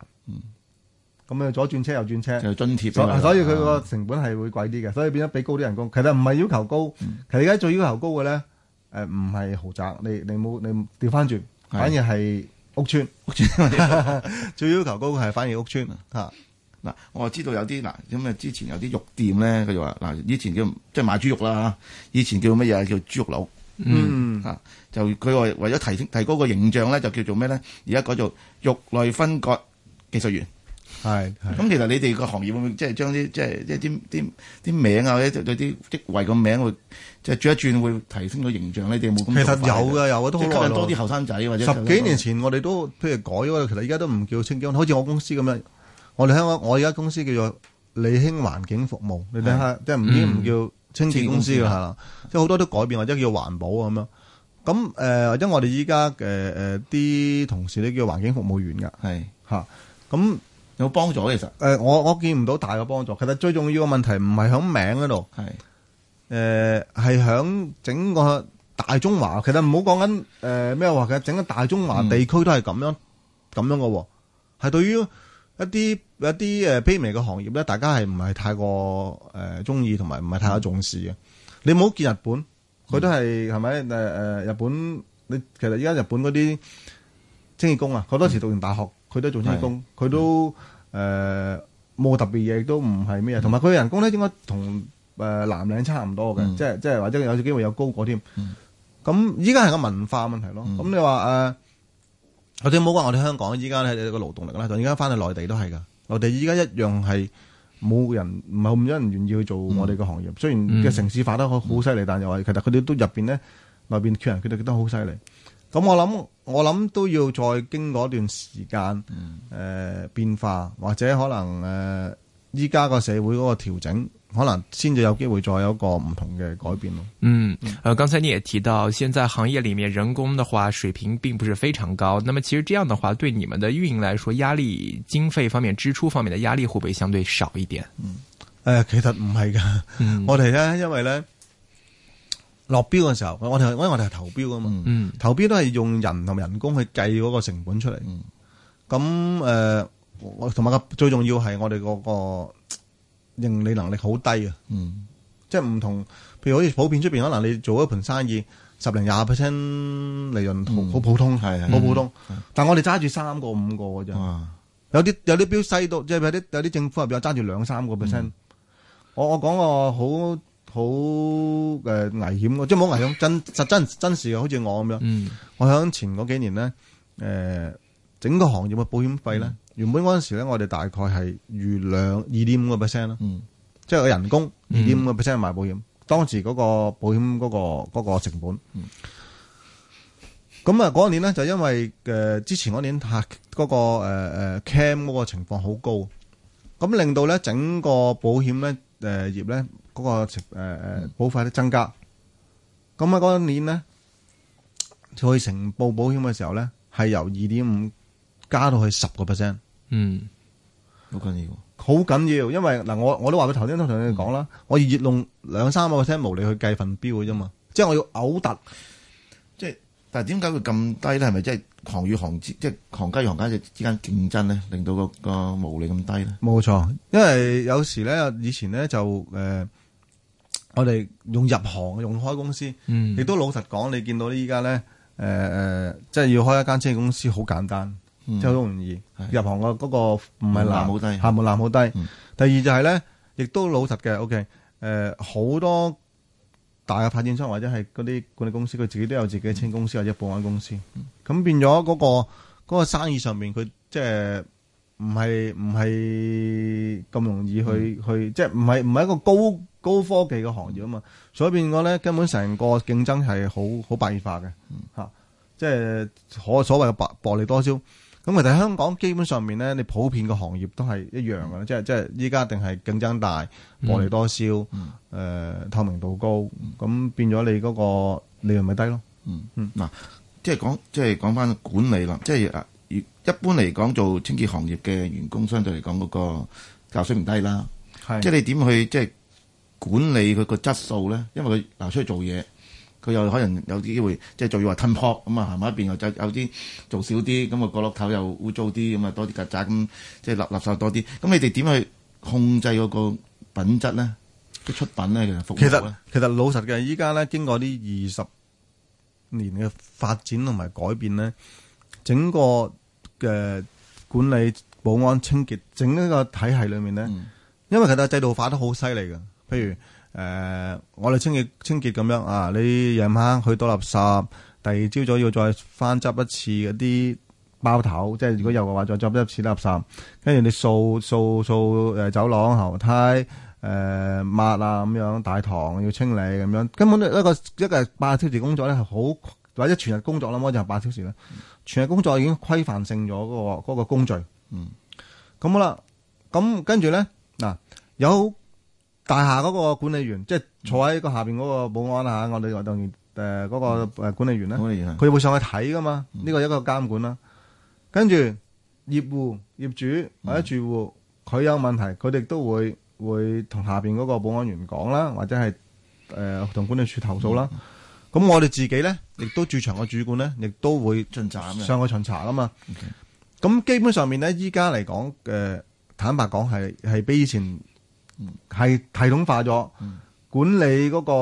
咁樣左轉車右轉車，就津貼，所以佢個成本係會貴啲嘅，所以變咗俾高啲人工。其實唔係要求高，其實而家最要求高嘅咧，誒，唔係豪宅，你你冇你調翻轉，反而係屋邨，屋邨最要求高嘅係反而屋邨啊。嗱，我啊知道有啲嗱，咁啊之前有啲肉店咧，佢就話嗱，以前叫即係賣豬肉啦，以前叫乜嘢叫豬肉佬，嗯嚇，就佢話為咗提升提高個形象咧，就叫做咩咧？而家改做肉類分割技術員，係，咁其實你哋個行業會唔會即係將啲即係即係啲啲啲名啊，或者啲職位個名會即係轉一轉，會提升個形象咧？你哋有冇咁快？其實有嘅，有嘅都吸引多啲後生仔，或者十幾年前我哋都譬如改咗，其實而家都唔叫清江，好似我公司咁樣。我哋香港，我而家公司叫做利興環境服務，你睇下，即係唔知唔叫清潔公司嘅吓，嗯、吧即係好多都改變或者叫環保咁樣。咁誒，或、呃、者我哋依家嘅誒啲同事都叫環境服務員噶，係吓是，咁樣有幫助其實。誒、呃，我我見唔到大嘅幫助，其實最重要嘅問題唔係響名嗰度，係誒係響整個大中華。其實唔好講緊誒咩話嘅，其實整個大中華地區都係咁樣咁、嗯、樣嘅，係對於。一啲一啲誒卑微嘅行業咧，大家係唔係太過誒鍾意同埋唔係太過重視嘅？你冇見日本，佢都係係咪誒誒日本？你其實而家日本嗰啲清潔工啊，好多時讀完大學佢都做清潔工，佢都誒冇、嗯呃、特別嘢，都唔係咩，同埋佢嘅人工咧應該同誒南嶺差唔多嘅，即係即係或者有少機會有高過添。咁依家係個文化問題咯。咁、嗯、你話誒？呃或者冇話我哋香港依家咧個勞動力啦，就而家翻去內地都係噶，內地依家一樣係冇人，唔係咁多人願意去做我哋個行業。雖然嘅城市化得好好犀利，但又係其實佢哋都入邊咧，內邊缺人，佢哋覺得好犀利。咁我諗，我諗都要再經過一段時間，誒變化或者可能誒。依家個社會嗰個調整，可能先至有機會再有一個唔同嘅改變咯。嗯，誒、呃，剛才你也提到，現在行業裏面人工嘅話水平並不是非常高，那麼其實這樣的話，對你們的運營來說，壓力、經費方面、支出方面的壓力會不會相對少一點？誒、嗯哎，其實唔係噶， [LAUGHS] 我哋咧，因為咧落標嘅時候，我哋、嗯、因為我哋係投標㗎嘛，嗯，投標都係用人同人工去計嗰個成本出嚟，咁誒。我同埋個最重要係我哋嗰個盈利能力好低啊，嗯，即係唔同。譬如好似普遍出邊，可能你做一盤生意十零廿 percent 利潤好普通係好普通，嗯、但我哋揸住三個五個嘅啫哇。有啲、即係、有啲標細到即係有啲有啲政府入邊有揸住兩三個 percent、嗯。我我講個好好嘅危險，即係冇危險真，真，真實真真事嘅，好似我咁樣。嗯、我響前嗰幾年咧，誒、呃、整個行業嘅保險費咧。嗯原本嗰陣時咧，我哋大概係預留二點五個 percent 咯，嗯、即係個人工二點五個 percent 賣保險。嗯、當時嗰個保險嗰、嗰個嗰個成本，咁啊嗰年呢，就因為嘅、呃、之前嗰年嚇、那、嗰個誒 cam 嗰個情況好高，咁令到咧整個保險咧誒、呃、業咧嗰、嗰個誒保、呃、費的增加，咁啊嗰年咧去承報保險嘅時候咧，係由二點五加到去十個 percent。嗯，好緊要，好緊要，因為嗱，我我都話佢頭先都同你講啦，嗯、我要越用兩三個 p e r 去計份表嘅啫嘛，即係我要嘔突，即係，但係點解佢咁低咧？係咪即係行與行即係行家與行家之之間競爭咧，令到、那個、那個毛利咁低咧？冇錯，因為有時咧，以前咧就誒、呃，我哋用入行用開公司，亦、嗯、都老實講，你見到咧依家咧，誒、呃、誒，即係要開一間車公司好簡單。就好、嗯、容易的入行個嗰個唔係難，吓冇難好低。第二就係、是、咧，亦都老實嘅。O.K. 誒、呃，好多大嘅發展商或者係嗰啲管理公司，佢自己都有自己嘅清公司或者保安公司。咁變咗嗰、那個、那個生意上面，佢即係唔係唔係咁容易去、嗯、去，即係唔係唔係一個高高科技嘅行業啊嘛。所以變咗咧，根本成個競爭係好好白熱化嘅吓，即係可所謂嘅薄薄利多銷。咁其實香港基本上面咧，你普遍嘅行業都係一樣嘅，即係即係依家定係競爭大，薄利多銷，誒、嗯呃、透明度高，咁、嗯、變咗你嗰個利潤咪低咯。嗯嗯，嗱、嗯，即係講即係講翻管理啦，即係誒一般嚟講做清潔行業嘅員工，相對嚟講嗰個教息唔低啦。係是，即係你點去即係管理佢個質素咧？因為佢嗱出去做嘢。佢又可能有啲機會，即係仲要話吞泡咁啊！行埋一邊又就有啲做少啲，咁啊角落頭又污糟啲，咁啊多啲曱甴，咁即係垃垃圾多啲。咁你哋點去控制嗰個品質咧？啲出品咧其實服務咧，其實老實嘅。依家咧經過呢二十年嘅發展同埋改變咧，整個嘅、呃、管理保安清潔整呢個體系裏面咧，嗯、因為其實制度化得好犀利嘅，譬如。誒、呃，我哋清潔清潔咁樣啊，你夜晚去倒垃圾，第二朝早要再翻執一次嗰啲包頭，即係如果有嘅話，再執一次垃圾，跟住你掃掃掃誒，走廊、樓、呃、梯、誒抹啊咁樣，大堂要清理咁樣，根本一個一日八小時工作咧，係好或者全日工作啦，冇就八小時啦，全日工作已經規範性咗嗰、嗰個、嗰個工序。嗯，咁、嗯、好啦，咁跟住咧嗱有。大廈嗰個管理員，即係坐喺個下邊嗰個保安啊，我哋當然誒嗰個誒管理員咧，佢會上去睇噶嘛，呢個、嗯、一個監管啦、啊。跟住業戶、業主或者住戶，佢、嗯、有問題，佢哋都會會同下邊嗰個保安員講啦，或者係誒同管理處投訴啦。咁、嗯、我哋自己咧，亦都駐場嘅主管咧，亦都會進站嘅，上去巡查噶嘛。咁、嗯 okay。基本上面咧，依家嚟講，誒坦白講係係比以前係系統化咗，管理嗰個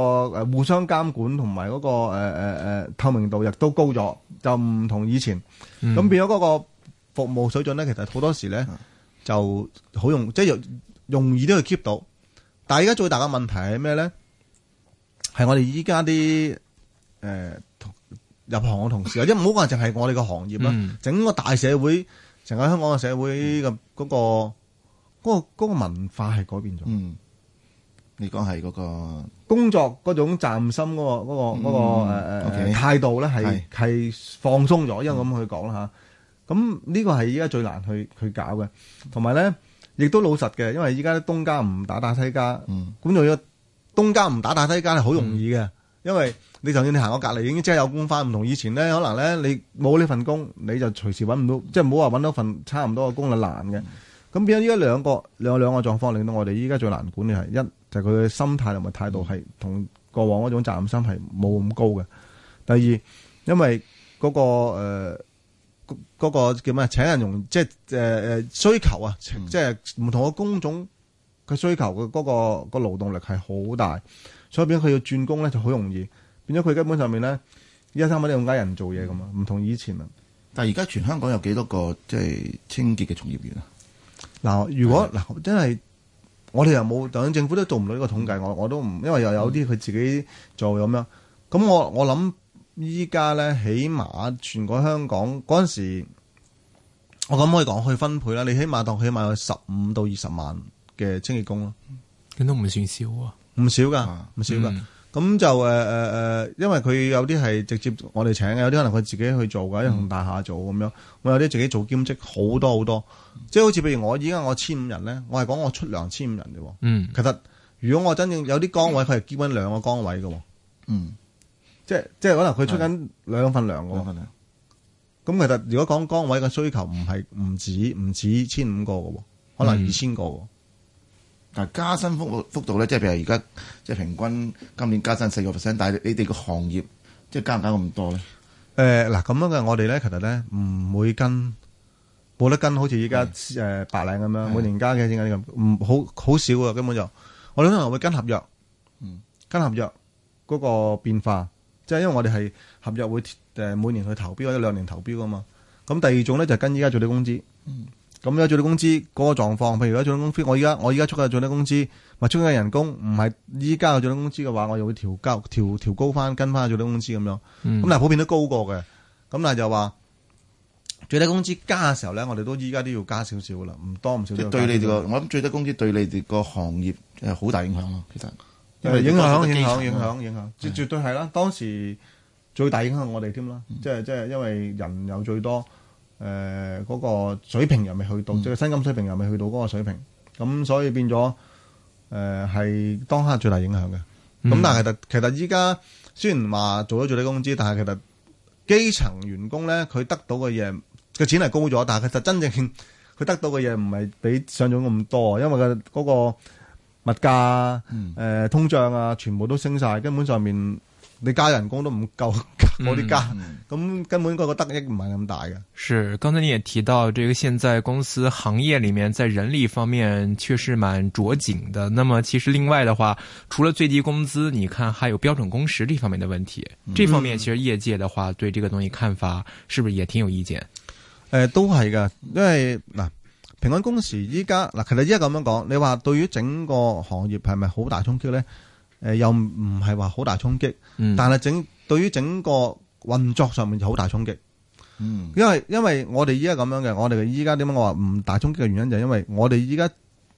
誒互相監管同埋嗰個誒誒誒透明度亦都高咗，就唔同以前。咁、嗯、變咗嗰個服務水準咧，其實好多時咧就好容，即係容容易都要 keep 到。但係而家最大嘅問題係咩咧？係我哋依家啲誒入行嘅同事，即唔好話淨係我哋個行業啦，嗯、整個大社會，成個香港嘅社會嘅嗰、嗰個。嗰個文化係改變咗。嗯，你講係嗰個工作嗰種責任心，嗰個嗰個嗰個態度咧，係係放鬆咗。因為咁去講啦嚇。咁呢個係依家最難去去搞嘅。同埋咧，亦都老實嘅，因為依家東家唔打打西家，咁仲要東家唔打打西家係好容易嘅，因為你就算你行我隔離，已經即係有工翻。唔同以前咧，可能咧你冇呢份工，你就隨時揾唔到，即係唔好話揾到份差唔多嘅工，係難嘅。咁變咗依家兩個有兩,兩個狀況，令到我哋依家最難管理係一就係佢嘅心態同埋態度係同過往嗰種責任心係冇咁高嘅。第二，因為嗰、嗰個誒、呃嗰個呃嗰個、叫咩請人用即係誒誒需求啊，即係唔同嗰工種嘅需求嘅嗰、嗰個、嗰個嗰個勞動力係好大，所以變咗佢要轉工咧就好容易。變咗佢根本上面咧依家三蚊你用人家人做嘢咁啊，唔同以前啊。但係而家全香港有幾多個即係、即係、清潔嘅從業員啊？嗱，如果嗱真係，的我哋又冇，等政府都做唔到呢個統計，我我都唔，因為又有啲佢自己做咁、嗯、樣。咁我我諗依家咧，起碼全個香港嗰陣時，我咁可以講去分配啦。你起碼當起碼有十五到二十萬嘅清潔工咯，咁都唔算少啊，唔少㗎，唔少㗎。嗯咁就誒誒誒，因為佢有啲係直接我哋請嘅，有啲可能佢自己去做嘅，一棟大廈做咁樣，我、嗯、有啲自己做兼職好多好多，即係好似譬如我而家我千五人咧，我係講我出糧千五人啫。嗯，其實如果我真正有啲崗位，佢係基本兩個崗位嘅。嗯，即係即係可能佢出緊兩份糧嘅。兩份糧。咁其實如果講崗位嘅需求唔係唔止唔止千五個嘅，可能二千個。嗯嗯但加薪幅，幅度咧，即係譬如而家即係平均今年加薪四個 percent，但係你哋個行業即係加唔加咁多咧？誒嗱、呃，咁樣嘅我哋咧，其實咧唔會跟，冇得跟，好似依家誒白領咁樣每年加嘅，點解咁唔好好少嘅根本就，我哋可能會跟合約，嗯，跟合約嗰個變化，即係因為我哋係合約會誒每年去投標或者兩年投標啊嘛。咁第二種咧就係、是、跟依家最低工資，嗯。咁而家最低工資嗰個狀況，譬如而家最低工資，我依家我依家出嘅最低工資，咪出嘅人工唔係依家嘅最低工資嘅話，我又會調高調調高翻跟翻最低工資咁樣。咁、嗯、但係普遍都高過嘅。咁但係就話最低工資加嘅時候咧，我哋都依家都要加少少啦，唔多唔少。即對你哋個，我諗最低工資對你哋個行業係好大影響咯，其實。因為影響影響影響影響，絕的絕對係啦。當時最大影響我哋添啦，即係即係因為人又最多。誒嗰、呃那個水平又未去到，嗯、即係薪金水平又未去到嗰個水平，咁所以變咗誒係當刻最大影響嘅。咁、嗯、但係其實其實依家雖然話做咗最低工資，但係其實基層員工咧，佢得到嘅嘢個錢係高咗，但係佢真真正佢得到嘅嘢唔係比上咗咁多，因為嘅嗰個物價誒、呃、通脹啊，全部都升晒，根本上面。你加人工都唔夠我哋加，咁 [LAUGHS] 根本嗰個得，得益唔係咁大嘅。嗯、是，剛才你也提到，這個現在公司行業裏面在人力方面確實蠻着緊的。那麼其實另外的話，除了最低工資，你看還有標準工時呢方面的問題。嗯、這方面其實業界的話對這個東西看法是不是也挺有意見？誒、呃，都係噶，因為嗱，平安工時依家嗱，其實而家咁樣講，你話對於整個行業係咪好大衝擊咧？誒，又唔係話好大衝擊，嗯、但係整對於整個運作上面就好大衝擊，嗯，因為因，因為我哋依家咁樣嘅，我哋嘅依家點解我話唔大衝擊嘅原因就係因為我哋依家，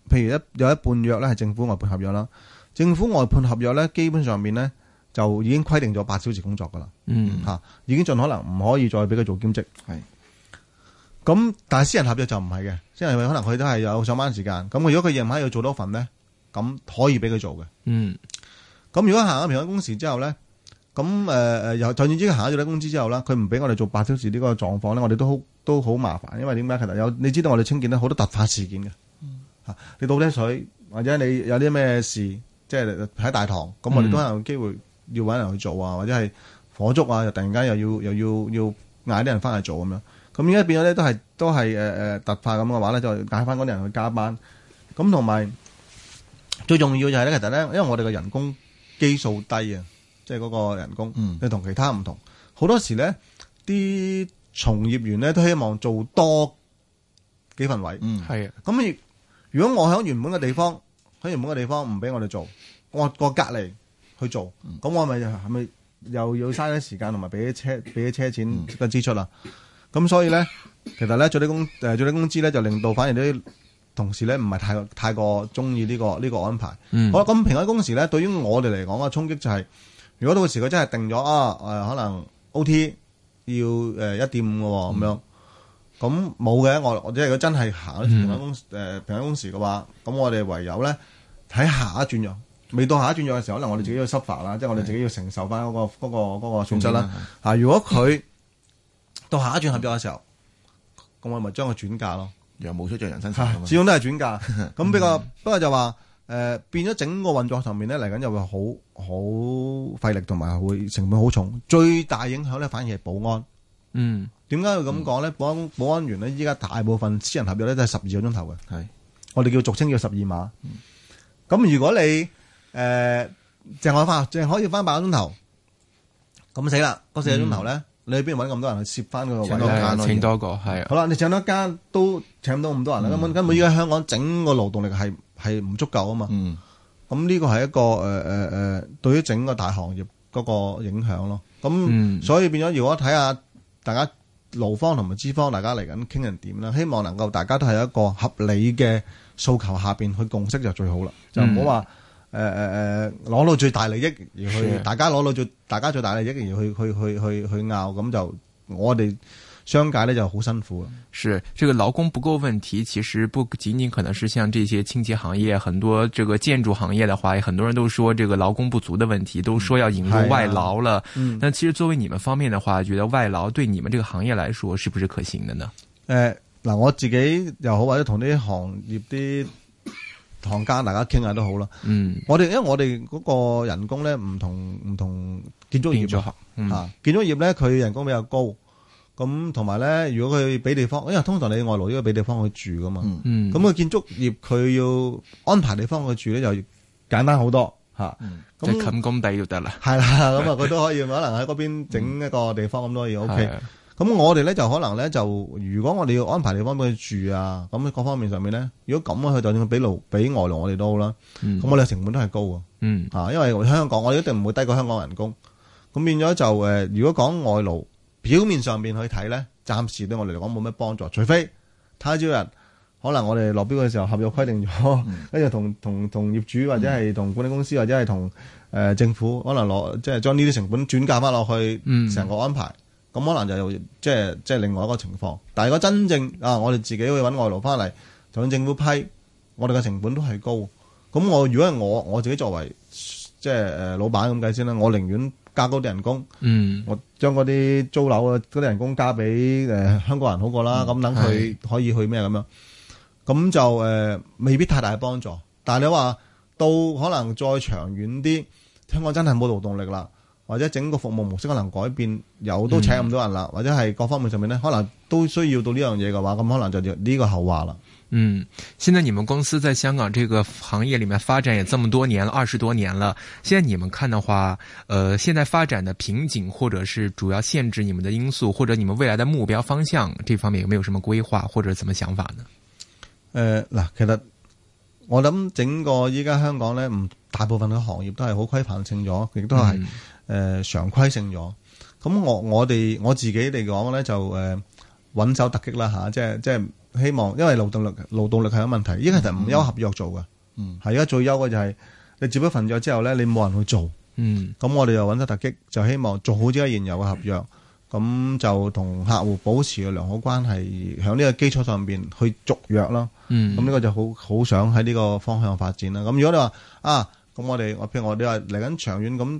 譬如一有一半約咧係政府外判合約啦，政府外判合約咧，基本上面咧就已經規定咗八小時工作噶啦，吓、嗯啊，已經盡可能唔可以再俾佢做兼職。係是，咁但係私人合約就唔係嘅，因為可能佢都係有上班時間，咁如果佢夜晚要做多份咧，咁可以俾佢做嘅。嗯。咁如果行咗平安工時之後咧，咁誒誒又就算已行咗啲工資之後啦，佢唔俾我哋做八小時呢個狀況咧，我哋都好都好麻煩，因為點解其實有你知道我哋清潔咧好多突發事件嘅，嚇、嗯啊、你倒啲水或者你有啲咩事，即係喺大堂，咁我哋都有機會要搵人去做啊，或者係火燭啊，又突然間又要又要又要嗌啲人翻嚟做咁樣，咁而家變咗咧都係都係誒誒突發咁嘅話咧，就嗌翻嗰啲人去加班，咁同埋最重要就係咧其實咧，因為我哋嘅人工。基數低啊，即係嗰個人工，你同、嗯、其他唔同。好多時咧，啲從業員咧都希望做多幾份位。係啊、嗯，咁如如果我喺原本嘅地方，喺原本嘅地方唔俾我哋做，我過隔離去做，咁、嗯、我咪係咪又要嘥啲時間同埋俾啲車俾啲車錢嘅支出啦？咁、嗯、所以咧，其實咧做啲工誒做啲工資咧，就令到反而啲。同時咧，唔係太太過中意呢個呢、呢個安排。我咁、嗯、平安工時咧，對於我哋嚟講嘅衝擊就係、係，如果到時佢真係定咗啊、呃，可能 O.T. 要誒一點五嘅咁樣，咁冇嘅，我或者如果真係行平安工誒平安工時嘅話，咁、嗯、我哋唯有咧喺下一轉讓，未到下一轉讓嘅時候，可能我哋自己要 suffer 啦，即係、嗯、我哋自己要承受翻、嗰、嗰個嗰、嗰個損失啦。啊、嗰個，如果佢到下一轉合咗嘅時候，咁我咪將佢轉嫁咯。又冇出着人身、啊，始終都係轉嫁，咁 [LAUGHS] 比較 [LAUGHS] 不過就話誒、呃、變咗整個運作上面咧，嚟緊就會好好費力同埋會成本好重。最大影響咧，反而係保安。嗯，點解要咁講咧？保安、保安員咧，依家大部分私人合約咧都係十二個鐘頭嘅。係是，我哋叫俗稱叫十二碼。咁、嗯、如果你誒鄭海發，鄭海要翻八個鐘頭，咁、嗯、死啦，嗰四個鐘頭咧。嗯嗯你去邊度揾咁多人去攝翻嗰度？揾多間咯，請多個係後好啦，你請多間都請唔到咁多人啦，嗯、根本根本而家香港整個勞動力係係唔足夠啊嘛。咁呢、嗯、個係一個誒誒誒對於整個大行業嗰個影響咯。咁、嗯、所以變咗，如果睇下大家勞方同埋資方，大家嚟緊傾緊點啦，希望能夠大家都係一個合理嘅訴求下邊去共識就最好啦，嗯、就唔好話。誒誒誒，攞、嗯、到最大利益而去，是大家攞到最大家最大利益而去去去去去拗，咁就我哋商界呢就好辛苦。是，這個勞工不夠問題，其實不僅僅可能是像這些清潔行業，很多這個建築行業的話，很多人都說這個勞工不足的問題，都說要引入外勞了嗯。嗯，但其實作為你們方面的話，覺得外勞對你們這個行業來說，是不是可行的呢？誒、嗯，嗱、呃呃呃，我自己又好或者同呢啲行業啲。行家大家傾下都好咯。嗯，我哋因為我哋嗰個人工咧，唔同唔同建築業做合嚇，建築業咧佢人工比較高。咁同埋咧，如果佢俾地方，因為通常你外勞應該俾地方佢住噶嘛。嗯，咁佢建築業佢要安排地方佢住咧，就簡單好多嚇。嗯，嗯嗯即近工地就得啦。係啦，咁啊佢都可以可能喺嗰邊整一個地方咁多嘢 O K。咁我哋咧就可能咧就，如果我哋要安排地方俾佢住啊，咁各方面上面咧，如果咁啊，佢就算俾勞俾外勞我哋都好啦，咁、嗯、我哋成本都係高嘅，嗯、啊，因為香港我哋一定唔會低過香港人工，咁變咗就誒、呃，如果講外勞，表面上面去睇咧，暫時對我哋嚟講冇咩幫助，除非他朝日，可能我哋落標嘅時候合約規定咗、嗯， [LAUGHS] 跟住同同同業主或者係同管理公司或者係同誒政府，可能攞即係將呢啲成本轉嫁翻落去成個安排。咁可能就即係即係另外一個情況，但係如果真正啊，我哋自己去揾外勞翻嚟，就政府批，我哋嘅成本都係高。咁我如果係我我自己作為，即係誒老闆咁計先啦，我寧願加高啲人工，嗯、我將嗰啲租樓嗰啲人工加俾誒、呃、香港人好過啦，咁等佢可以去咩咁樣，咁就誒、呃、未必太大幫助。但係你話到可能再長遠啲，香港真係冇勞動力啦。或者整個服務模式，可能改變，有都請咁多人啦，嗯、或者係各方面上面呢，可能都需要到呢樣嘢嘅話，咁可能就呢個後話啦。嗯，現在你們公司在香港這個行業裏面發展也這麼多年了，二十多年了。現在你們看的話，呃，現在發展的瓶頸，或者是主要限制你們的因素，或者你們未來的目標方向這方面，有沒有什麼規劃或者怎麼想法呢？誒、呃，嗱，其實我諗整個依家香港呢，唔大部分嘅行業都係好規範性咗，亦、嗯、都係。誒、呃、常規性咗，咁我我哋我自己嚟講咧就誒揾、呃、手突擊啦吓、啊，即係即係希望，因為勞動力勞動力係一個問題，依家其實唔憂合約做嘅，嗯，係而家最憂嘅就係、是、你接咗份約之後咧，你冇人去做，嗯，咁我哋就揾手突擊，就希望做好自己現有嘅合約，咁、嗯嗯、就同客戶保持個良好關係，喺呢個基礎上邊去續約咯，嗯，咁呢個就好好想喺呢個方向發展啦。咁如果你話啊，咁、啊、我哋我譬如我哋話嚟緊長遠咁。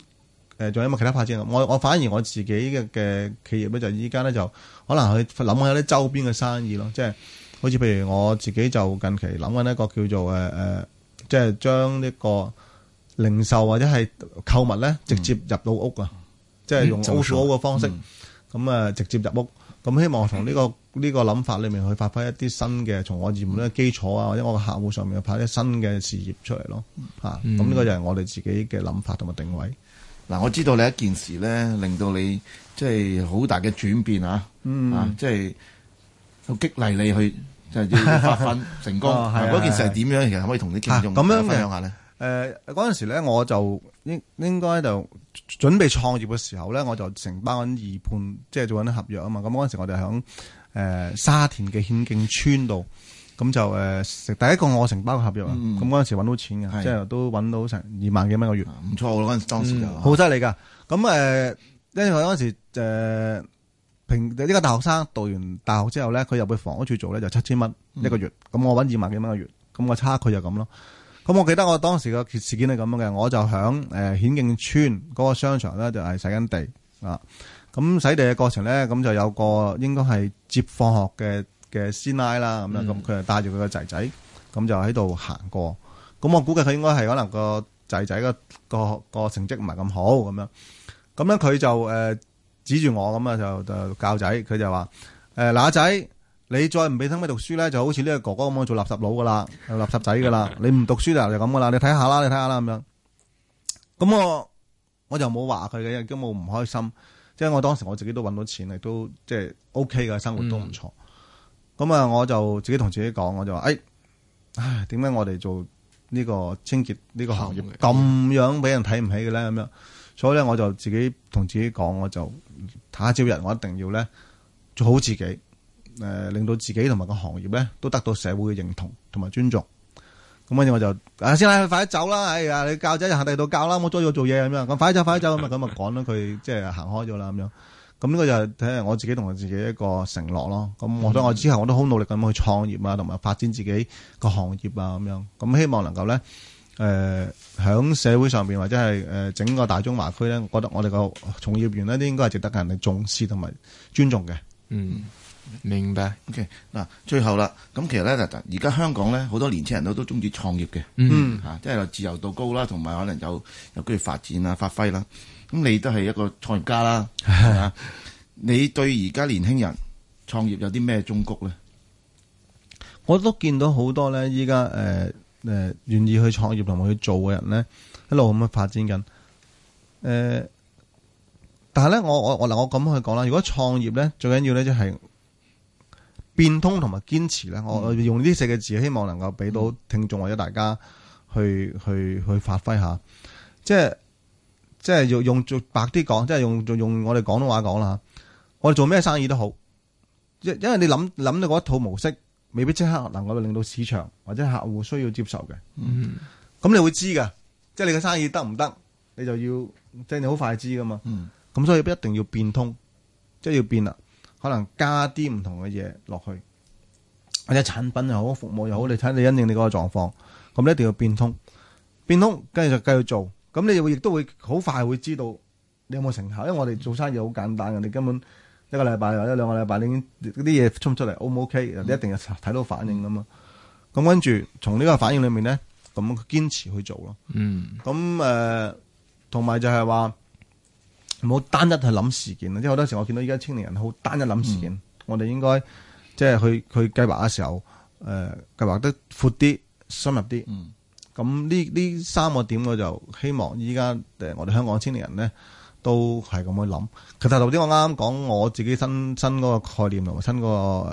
誒，仲有冇其他發展我我反而我自己嘅嘅企業咧，就依家咧就可能去諗下啲周邊嘅生意咯。即係好似譬如我自己就近期諗緊一個叫做誒誒，即係將呢個零售或者係購物咧，直接入到屋啊，嗯、即係用 O2O 嘅方式咁啊，嗯、直接入屋。咁希望從呢個呢個諗法裏面去發揮一啲新嘅，從我業務嘅基礎啊，或者我嘅客戶上面，去拍啲新嘅事業出嚟咯嚇。咁呢個就係我哋自己嘅諗法同埋定位。嗱，我知道你一件事咧，令到你即係好大嘅轉變啊！嗯、啊，即係好激勵你去即係要發奮成功。嗰、哦、件事係點樣？其實可以同啲聽眾咁樣分享下咧。誒、呃，嗰陣時咧，我就應應該就準備創業嘅時候咧，我就承包緊二判，即係做緊啲合約啊嘛。咁嗰陣時我，我就喺誒沙田嘅顯徑邨度。咁就食第一個我承包嘅合約啊，咁嗰陣時揾到錢嘅，的即係都揾到成二萬幾蚊個月，唔錯啦嗰陣時就，就好犀利噶。咁誒、呃，因為嗰陣時、呃、平呢、呢個大學生讀完大學之後咧，佢入去房屋署做咧就七千蚊一個月，咁、嗯、我揾二萬幾蚊個月，咁、那個差距就咁咯。咁我記得我當時個事件係咁樣嘅，我就喺誒顯徑村嗰個商場咧就係、是、洗緊地啊，咁洗地嘅過程咧，咁就有個應該係接放學嘅嘅師奶啦咁樣，咁佢就帶住佢個仔仔，咁就喺度行過。咁我估計佢應該係可能個仔仔個個個成績唔係咁好咁樣。咁咧佢就誒指住我咁啊，就教就教仔，佢就話誒，嗱，仔，你再唔俾心機讀書咧，就好似呢個哥哥咁樣做垃圾佬噶啦，垃圾仔噶啦，你唔讀書就就咁噶啦。你睇下啦，你睇下啦咁樣。咁我我就冇話佢嘅，亦都冇唔開心。即係我當時我自己都揾到錢，亦都即係 OK 嘅生活，都唔錯。嗯咁啊、嗯！我就自己同自己講，我就話：，哎，唉，點解我哋做呢個清潔呢、呢個行業咁樣俾人睇唔起嘅咧？咁樣，所以咧，我就自己同自己講，我就下招人，天天我一定要咧做好自己，誒、呃，令到自己同埋個行業咧都得到社會嘅認同同埋尊重。咁跟住我就，啊，先生，快啲走啦！哎呀，你教仔就行第二度教啦，阻我住做嘢咁樣。咁快啲走，快啲走咁啊！咁啊，講咗佢即係行開咗啦，咁樣。咁呢個就係睇下我自己同我自己一個承諾咯。咁、嗯、我覺得我之後我都好努力咁去創業啊，同埋發展自己個行業啊咁樣。咁希望能夠咧，誒、呃、喺社會上邊或者係誒、呃、整個大中華區咧，我覺得我哋個從業員呢，都應該係值得人哋重視同埋尊重嘅。嗯，明白。OK 嗱，最後啦，咁其實咧，而家香港咧，好多年青人都都中意創業嘅。嗯，嚇、啊，即係自由度高啦，同埋可能有有機會發展啊、發揮啦。咁你都係一個創業家啦，係嘛？你對而家年輕人創業有啲咩忠告咧？我都見到好多咧，依家誒誒，願、呃、意去創業同埋去做嘅人咧，一路咁樣發展緊。誒、呃，但係咧，我我我嗱，我咁去講啦。如果創業咧，最緊要咧就係變通同埋堅持咧。嗯、我用呢四個字，希望能夠俾到聽眾或者大家去、嗯、去去，去發揮下，即係。即係用用做白啲講，即係用用我哋廣東話講啦嚇。我哋做咩生意都好，因因為你諗諗到嗰一套模式，未必即刻能夠令到市場或者客戶需要接受嘅。咁、嗯、你會知㗎，即係你嘅生意得唔得，你就要即係、就是、你好快知㗎嘛。咁、嗯、所以一定要變通，即係要變啦。可能加啲唔同嘅嘢落去，或者產品又好，服務又好，你睇你因應你嗰個狀況。咁你一定要變通，變通跟住就繼續做。咁你會亦都會好快會知道你有冇成效，因為我哋做生意好簡單嘅，你根本一個禮拜或者兩個禮拜你已經啲嘢衝出嚟，O 唔 O K？你一定係睇到反應噶嘛。咁跟住從呢個反應裏面咧，咁堅持去做咯。嗯。咁誒，同、呃、埋就係話唔好單一去諗事件，即係好多時我見到依家青年人好單一諗事件。嗯、我哋應該即係去去計劃嘅時候，誒計劃得闊啲、深入啲。嗯。咁呢呢三個點，我就希望依家誒我哋香港青年人呢都係咁去諗。其實頭先我啱啱講我自己新新嗰個概念同埋新、嗰個誒、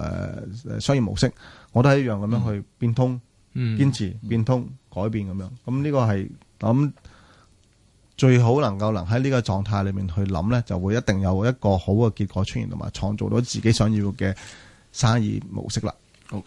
呃、商業模式，我都係一樣咁樣去變通、堅、嗯、持、嗯、變通、改變咁樣。咁、這、呢個係諗最好能夠能喺呢個狀態裏面去諗呢，就會一定有一個好嘅結果出現，同埋創造到自己想要嘅生意模式啦。OK。